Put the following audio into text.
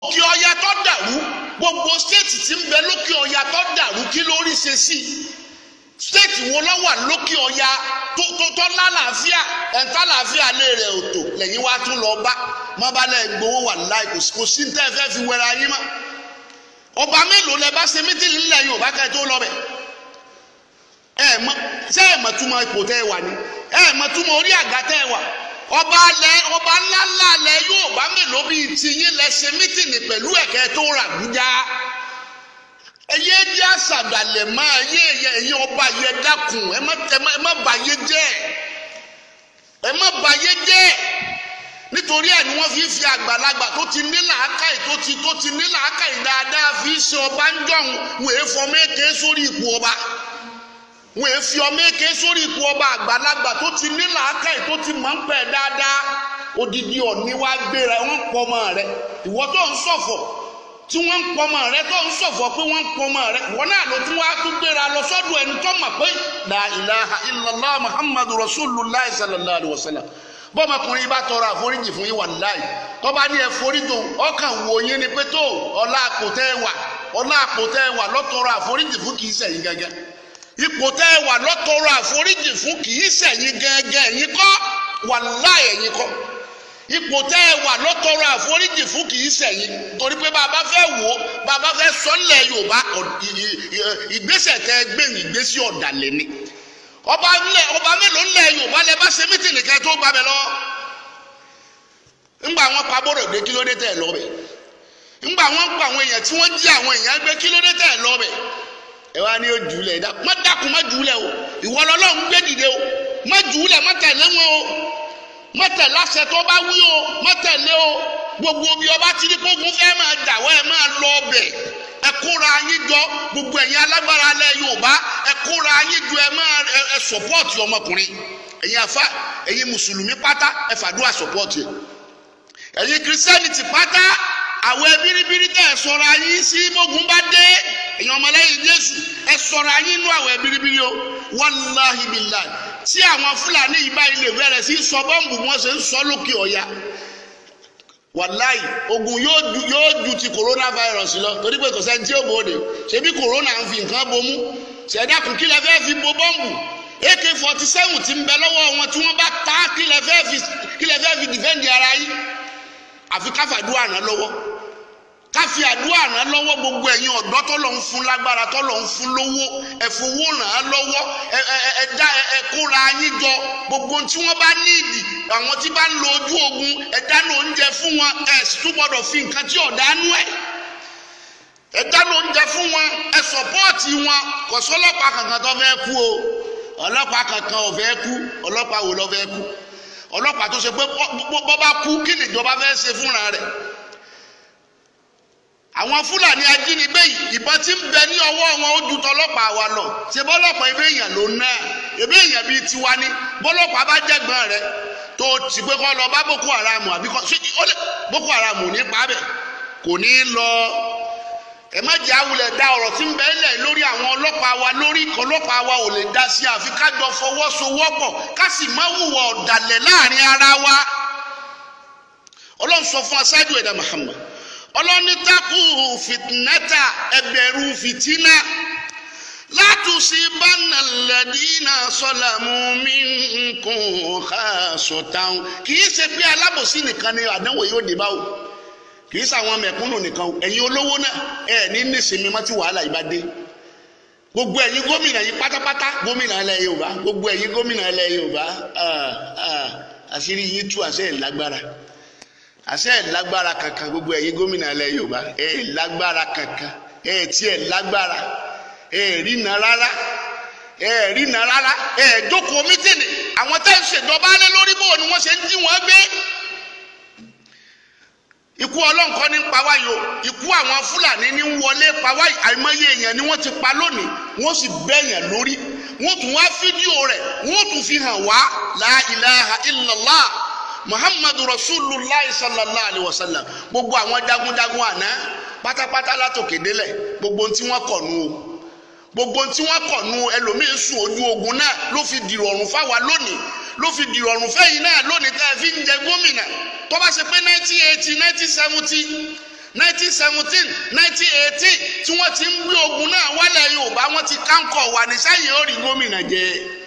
òkè ọya tó dàrú gbogbo stéètì tí ń bẹ lókè ọya tó dàrú kí ló rí ṣe sí stéètì wo ló wà lókè ọya tó tó tó lálàáfíà ẹ̀ńtà làáfíà lé rẹ̀ òtò lẹ́yìn wá tún lọ bá mọ́bálẹ̀ gbowó wà láì kò sí ní tẹ́ẹ̀ fẹ́ fi wẹra yín mọ́ ọba mélòó lẹ bá ṣe mítìlì ńlẹ̀ yóò bá kẹ́ tó lọ bẹ̀ ẹ̀ mọ́ ṣé ipò tẹ́ ẹ wà ní ẹ̀ orí àga tẹ́ ẹ wà ọba lẹ ọba ńláńlá lẹ yóò bá mélòó bíi tiyín lẹ ṣe mítìnì pẹ̀lú ẹ̀kẹ́ tó rà gbújá ẹyẹ di àṣàdàlẹ̀ máa yé ẹyẹ ẹyẹ ọba yẹ dákun ẹ má ẹ má bàyé jẹ́ ẹ má bàyé jẹ́ nítorí ẹ ni wọ́n fi fi àgbàlagbà tó ti ní làákàyè tó ti tó ti ní làákàyè dáadáa fi ṣe ọba ń jọ̀hún wèé sórí ipò ọba. wọ́n èsì ọmọ èké sórí iku ọba àgbàlagbà tó ti ní tó ti mọ̀ ń pẹ̀ dáadáa odidi ọ wá gbéra wọ́n pọ̀ ọmọ rẹ ìwọ tó ń tí wọ́n ń pọ̀ rẹ tó ń pé wọ́n ń pọ̀ rẹ ìwọ náà ló tún wá tún gbéra lọ pé la ilaha illallah muhammadu sallallahu alayhi wa sallam bọ́mọkùnrin tọrọ àforíjì fún tó bá ní ọkàn wò yín ni pé tó ọlá àpòtẹ́ wà ọlá àpòtẹ́ wà lọ́tọrọ ipò tẹ́ ẹ wà lọ́tọ̀ọ̀rọ̀ àforíjì fún kì í sẹ̀yìn gẹ́gẹ́ ẹ̀yìn kọ́ wàláhì ẹ̀yìn kọ́ ipò tẹ́ ẹ wà lọ́tọ̀ọ̀rọ̀ àforíjì fún kì í sẹ̀yìn torí pé bàbá fẹ́ wò ó bàbá fẹ́ sọ́nlẹ̀ Yorùbá ìgbésẹ̀ tẹ́ ẹ gbé ìgbésí ọ̀dàlẹ̀ ni ọba mélòó ńlẹ̀ Yorùbá lẹ bá ṣe mítìnì kẹ́ tó gbàbẹ̀ lọ ńgbà wọn pa bọ́rọ̀ gbé kílódé tẹ́ ẹ lọ bẹ̀ ńgbà wọn pa àwọn èèyàn tí wọ́n jí àwọn èèyàn gbé kílódé tẹ́ ẹ lọ bẹ̀ ẹ wá ní yóò jùlẹ̀ ẹ̀dá má dákun má jùlẹ̀ o ìwọ lọ́lọ́run gbé dìde o má jùlẹ̀ má tẹ̀lé wọn o má tẹ̀lé àṣẹ tó bá wí o má tẹ̀lé o gbogbo bí ọba ti ní kókun fẹ́ máa dàwọ́ ẹ máa lọ ọbẹ̀ ẹ kóra yín jọ gbogbo ẹ̀yin alágbára alẹ́ Yorùbá ẹ kóra yín jọ ẹ máa ẹ sọ̀pọ̀tì ọmọkùnrin ẹ̀yin afa ẹ̀yin mùsùlùmí pátá ẹ fàdúrà sọ̀pọ̀tì ẹ̀yin kìrìsìtẹ́nì ti pátá àwẹ̀ biribiri tẹ̀ sọ̀rọ̀ ayín sí mogun bá dé èèyàn ọmọlẹ́yìn Jésù ẹ sọ̀rọ̀ ayín inú àwẹ̀ biribiri o wàláhi billahi tí àwọn Fúlàní yìí báyìí lè bẹ̀rẹ̀ sí sọ bọ́ǹbù wọn ṣe ń sọ lókè ọ̀yà wàláì ogun yóò ju yóò ju ti coronavirus lọ torí pé kò sẹ́ni tí ó ṣebí corona ń fi nǹkan bomú ṣẹ̀dákùn kí lẹ fẹ́ fi bo bọ́ǹbù ak forty seven ti ń bẹ lọ́wọ́ wọn tí wọ́n bá ta kí lẹ fẹ́ fi kí lẹ fẹ́ fi dìfẹ́ǹdì ara yìí àfi káfàdúrà náà lọ́wọ́ káfí àdúrà ràn lọ́wọ́ gbogbo ẹ̀yin ọ̀dọ́ tọ́lọ̀ ń fún lágbára tọ́lọ̀ ń fún lówó lọ́wọ́ ẹ̀dá ẹ̀kóra yín jọ gbogbo tí wọ́n bá níìdì àwọn tí bá ń lo ojú ogun ẹ̀dánù oúnjẹ fún wọn ẹ̀ sì tún fi nǹkan tí ẹ̀ kankan tó fẹ́ kú kankan kú ọlọ́pàá wò kú ọlọ́pàá tó ṣe pé bọ́ bá kú kí àwọn fúlàní ajínigbé yìí ìbọn tí ń bẹ ní ọwọ́ wọn ó ju tọlọ́pàá wa lọ ṣe bọ́lọ́pàá ebe èèyàn ló ná ebe èèyàn bíi tiwa ni bọ́lọ́pàá bá jẹ̀gbọ́n rẹ tó ti pé kọ́ lọ bá boko haram àbí kọ́ boko haram ní pa kò ní lọ ẹ má da ọ̀rọ̀ tí ń bẹ lẹ̀ lórí àwọn ọlọ́pàá wa lórí ọlọ́pàá wa ò lè dá sí àfi kájọ fọwọ́sowọ́pọ̀ ká sì má wùwọ̀ ọ̀dàlẹ̀ láàrin ara wa ọlọ́run sọ fún aṣáájú ẹ̀dá Muhammad ọlọ́nitaku fìtínẹ́tà ẹgbẹ̀rú fitina látùsí bánà lẹ́dínà sọ́làmù mí nǹkan ọ̀há sọ̀tàn kì í ṣe pé alábòsí nìkan ni àdánwò yóò dé báwò kì í ṣàwọn mẹ̀kúnnù nìkan ẹ̀yin olówó náà ẹ̀ ní nísìmí mọ́ tí wàhálà yìí bá dé gbogbo ẹ̀yin gómìnà yìí pátápátá gómìnà ilẹ̀ Yorùbá gbogbo ẹ̀yin gómìnà ilẹ̀ Yorùbá àṣírí yìí tú àṣẹ ìlágbára àṣẹ ẹ̀ lágbára kankan gbogbo ẹ̀yin gómìnà ilẹ̀ Yorùbá ẹ̀ lágbára kankan ẹ̀ tiẹ̀ lágbára ẹ̀ rína rárá ẹ̀ rína rárá ẹ̀ jókòó mítìnì àwọn tẹ́ ń ṣèjọba lé lórí bó ni wọ́n ṣe ń jí wọn gbé ikú ọlọ́run kọ́ ní pa wáyò ikú àwọn fúlàní ní wọlé pa wáyò àìmọye èèyàn ni wọ́n ti pa lónìí wọ́n sì bẹ̀yàn lórí wọ́n tún wá fídíò rẹ̀ wọ́n tún fi hàn wá la ilaha illallah muhammadu rasulillah sallallahu alayhi wa sallam gbogbo àwọn jagunjagun àná pátápátá látòkè délẹ̀ gbogbo tí wọ́n kọ̀ nù o gbogbo tí wọ́n kọ̀ nù ẹlòmíín sùn ojú ogun náà ló fi dìrọ̀rùn fáwa lónìí ló fi dìrọ̀rùn fẹ́yìn náà lónìí tẹ́ ẹ fi ń jẹ gómìnà tó bá ṣe pé nineteen eighty nineteen seventy nineteen ti ń gbé ogun náà wálẹ̀ yorùbá wọ́n ti wà ní ó rí gómìnà jẹ́ ẹ́.